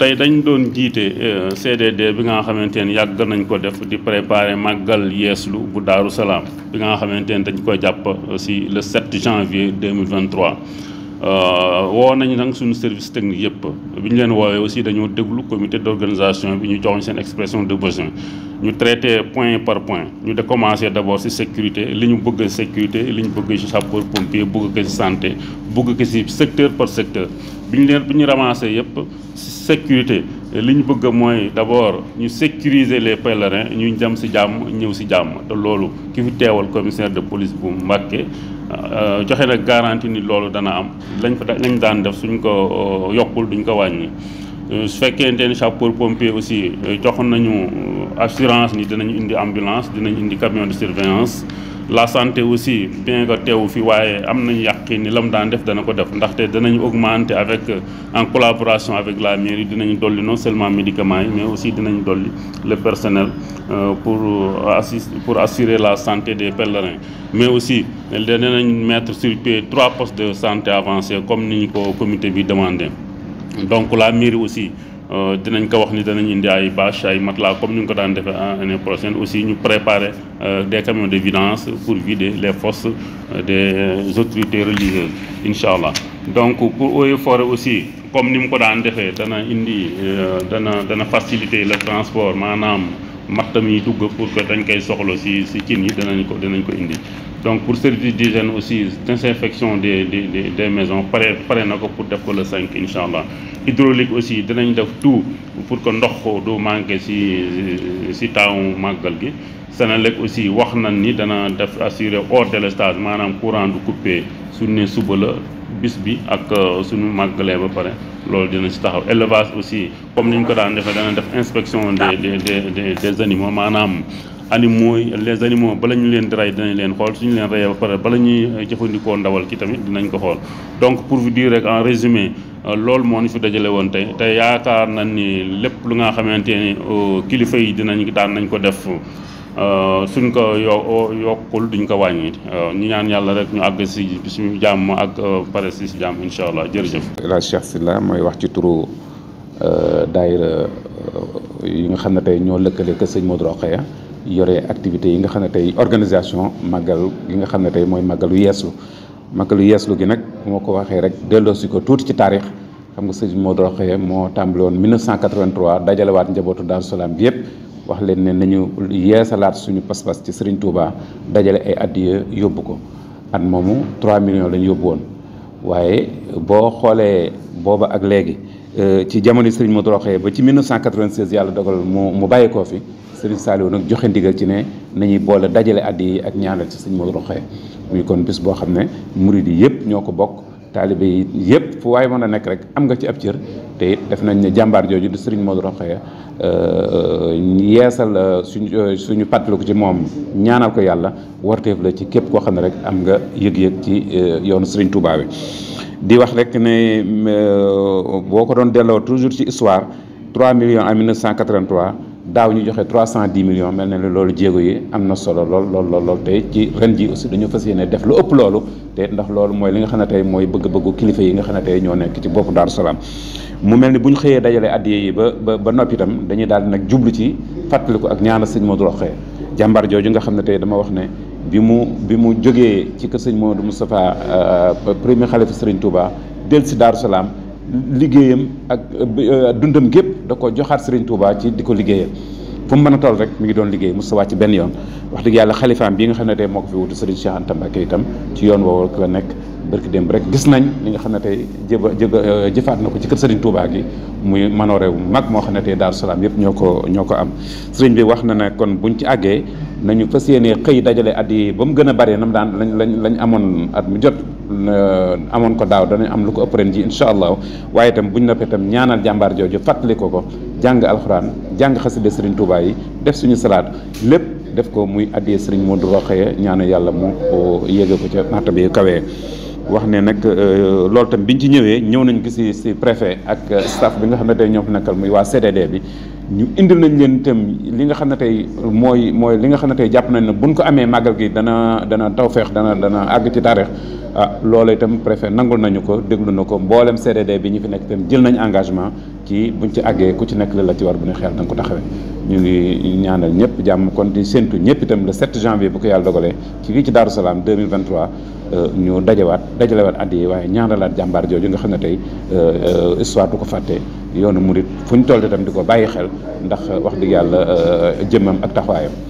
tey dañ doon jiite euh, CDD bi nga xamante ni yàgg nañ ko def di préparer màggal yeeslu bu Daaru Salaam bi nga xamante ni dañ koy jàpp euh, si le 7 janvier 2023 Euh, woo nañu nag suñu service technique yëpp bi ñu leen woowee aussi dañoo déglu commité d'organisation bi ñu joxoñ seen expression de besoin ñu traité point par point ñu de commencé d'abord ci sécurité li ñu bëgg sécurité li ñu bëgg ci sapeur pompier bëgg ko ci santé bëgg ko ci secteur secteur bi ñu leen bi ñu ramassé yëpp sécurité li ñu bëgg mooy d'abord ñu sécuriser les pèlerins ñu dem ci jàmm ñëw ci jàmm te loolu ki fi teewal commissaire de police bu Mbacké Euh, joxe nag garantie ni loolu dana am lañ fa lañ daan def suñ ko euh, yokkul duñ ko wàññi euh, su fekkente ni sapeur pompier aussi joxoon nañu assurance ni dinañ indi ambulance dinañ indi camion de surveillance la santé aussi bien que teewu fi waaye am nañu yàqin ni la mu daan def dana ko def ndaxte danañu augmenter avec en collaboration avec la mairie dinañu dolli non seulement médicament yi mais aussi dinañu dolli le personnel euh, pour euh, assist pour assurer la santé des pèlerins mais aussi danañ mettre sur pied trois postes de santé avancés comme ni ñu ko commité bi demandé donc la mairie aussi Euh, dinañ ko wax ni danañu indi ay bâche ay matelas comme ni ñu ko daan defee année prochaine aussi ñu préparer euh, des camions de vidange pour vider les fosses euh, des autorités religieuses incha allah donc pour Eaux et Forêts aussi comme ni mu ko daan defee dana indi dana dana faciliter le transport maanaam mattam yi dugg pour que dañ koy soxla si si cin yi danañ ko danañ ko indi donc pour service d'hygiène aussi désinfection des des des maisons pare pare na ko pour def ko cinq 5 incha allah hydraulique aussi dinañ def tout pour que ndox du manqué ci ci taawu màggal gi. Senelec aussi wax nañ ni dana def assurer hors délestage maanaam courant du coupé suñ ne suba la bis bi ak euh, suñu màggalee ba pare loolu dina si taxaw élevage aussi comme ni ñu ko daan defee dana def inspection des des des des animaux maanaam. animaux les animaux bala ñu leen di rey dinañ leen xool suñu leen reyee ba pare bala ñuy eh, jëfandikoo ndawal ki tamit dinañ ko xool donc pour vous dire rek en résumé euh, loolu moo ñu fi dajale woon tey te yaakaar nañ ni lépp lu nga xamante ni euh, kilifa yi dinañ daan nañ ko def euh, suñ ko yo yokkul duñ ko wàññi ñu ñaan yàlla rek ñu àgg si suñu jàmm ak pare si si jàmm incha allah jërëjëf. El Hadj Cheikh Sylla mooy wax ci turu daayira yi nga xam ne tey ñoo lëkkale kër sëñ Modou Rokhaya yore activité yi nga xam ne tey organisation màggal gi nga xam ne tey mooy màggalu yeeslu màggalu yeeslu gi nag moo ko waxee rek delloosi ko tuuti ci taarix xam nga sëñ Modou Rokhaya moo tàmbali woon 1983 dajalewaat njabootu Daaru Salaam yëpp wax leen ne nañu yeesalaat suñu pas-pas ci Serigne Touba dajale ay addiya yóbbu ko at moomu 3 millions lañu yóbbu woon waaye boo xoolee booba ak léegi euh, ci jamono Serigne Modou Rokhaya ba ci 1996 yàlla dogal mu mu bàyyi koo fi. sëriñ Saliou nag joxe ndigal ci ne nañuy boole dajale addi yi ak ñaanal ci sëñ Modou Rokhaya muy kon bis boo xam ne murid yi yëpp ñoo ko bokk taalibe yi yëpp fu waaye mën a nekk rek am nga ci ab cër te def nañ ne jàmbaar jooju di sëriñ Modou Rokhaya euh, yeesal euh, suñu euh, suñu pàttaliku ci moom ñaanal ko yàlla warteef la ci képp koo xam ne rek am nga yëg-yëg ci yoonu sëriñ Touba bi di wax rek ne boo ko doon delloo toujours ci histoire 3 millions en 1983 daaw ñu joxe trois cent dix millions mel na ne loolu jéego yi am na solo lool lool lool lool tey ci ren ji aussi dañu fas yéene def lu ëpp loolu te ndax loolu mooy li nga xam ne tey mooy bëgg-bëggu kilifa yi nga xam ne tey ñoo nekk ci boppu Daaru Salaam mu mel ni bu xëyee dajale addiye yi ba ba ba noppi itam dañuy daal nag jublu ci fàttaliku ak ñaana sëñ Modou Rokhaya jàmbar jooju nga xam ne tey dama wax ne bi mu bi mu jógee ci kër sëñ Modou Moustapha euh, premier xalifa sëriñ Touba del si Daaru Salaam liggéeyam euh, ak dundam gépp da ko joxaat Serigne Touba ci di ko liggéeyal fu mu mën a toll rek mu ngi doon liggéey mu sawàcc ci benn yoon wax dëgg yàlla xalifaam bi nga xam ne tey moo ko fi wutu Serigne Cheikh Anta Mbacké itam ci yoon woowu a nekk barki démb rek gis nañ li nga xam ne tey jëba jëba euh, jëfaat na ko ci kër Serigne Touba gi muy manoore wu mag moo xam ne tey Daaru Salaam yëpp ñoo ko ñoo ko am sëriñ bi wax na ne kon buñ ci àggee nañu fas yéenee xëy dajale at yi ba mu gën a bëree nam daan lañ lañ lañ amoon at mu jot amoon ko daaw danañ am lu ko ëpp ren ji incha allah waaye itam buñ noppee itam ñaanal jàmbaar jooju fàttali ko ko jàng alxuraan jàng de sëriñ Touba yi def suñu salaat lépp def ko muy addee sëriñ Modou Rokhaya ñaane yàlla mu yéege ko ca naata wax ne nag euh, loolu tam biñ ci ñëwee ñëw nañ ko si si préfet ak euh, staff bi nga xam ne tey ñoo fi nekkal muy waa CDD bi ñu indil nañ leen itam li nga xam ne tey mooy mooy li nga xam ne tey jàpp nañ ne buñ ko amee màggal gi dana dana tawfeex dana dana àgg ci taarix ah loola itam préfet nangul nañu ko déglu na ko mboolem CDD bi ñu fi nekk tam jël nañ engagement ci buñ ci àggee ku ci nekk la la ci war bu ñu xel da nga ko taxawee ñu ngi ñaanal ñëpp jàmm kon di séntu ñëpp itam le 7 janvier bu ko yàlla dogalee ci fii ci Darou Salaam 2023 euh, ñu dajewaat dajalewaat at yi waaye ñaanalaat jàmbaar jooju nga xam ne tey euh, histoire du ko fàtte yoonu mu murit fu ñu toll itam di ko bàyyi xel ndax wax dëgg yàlla euh, jëmmam ak taxawaayam.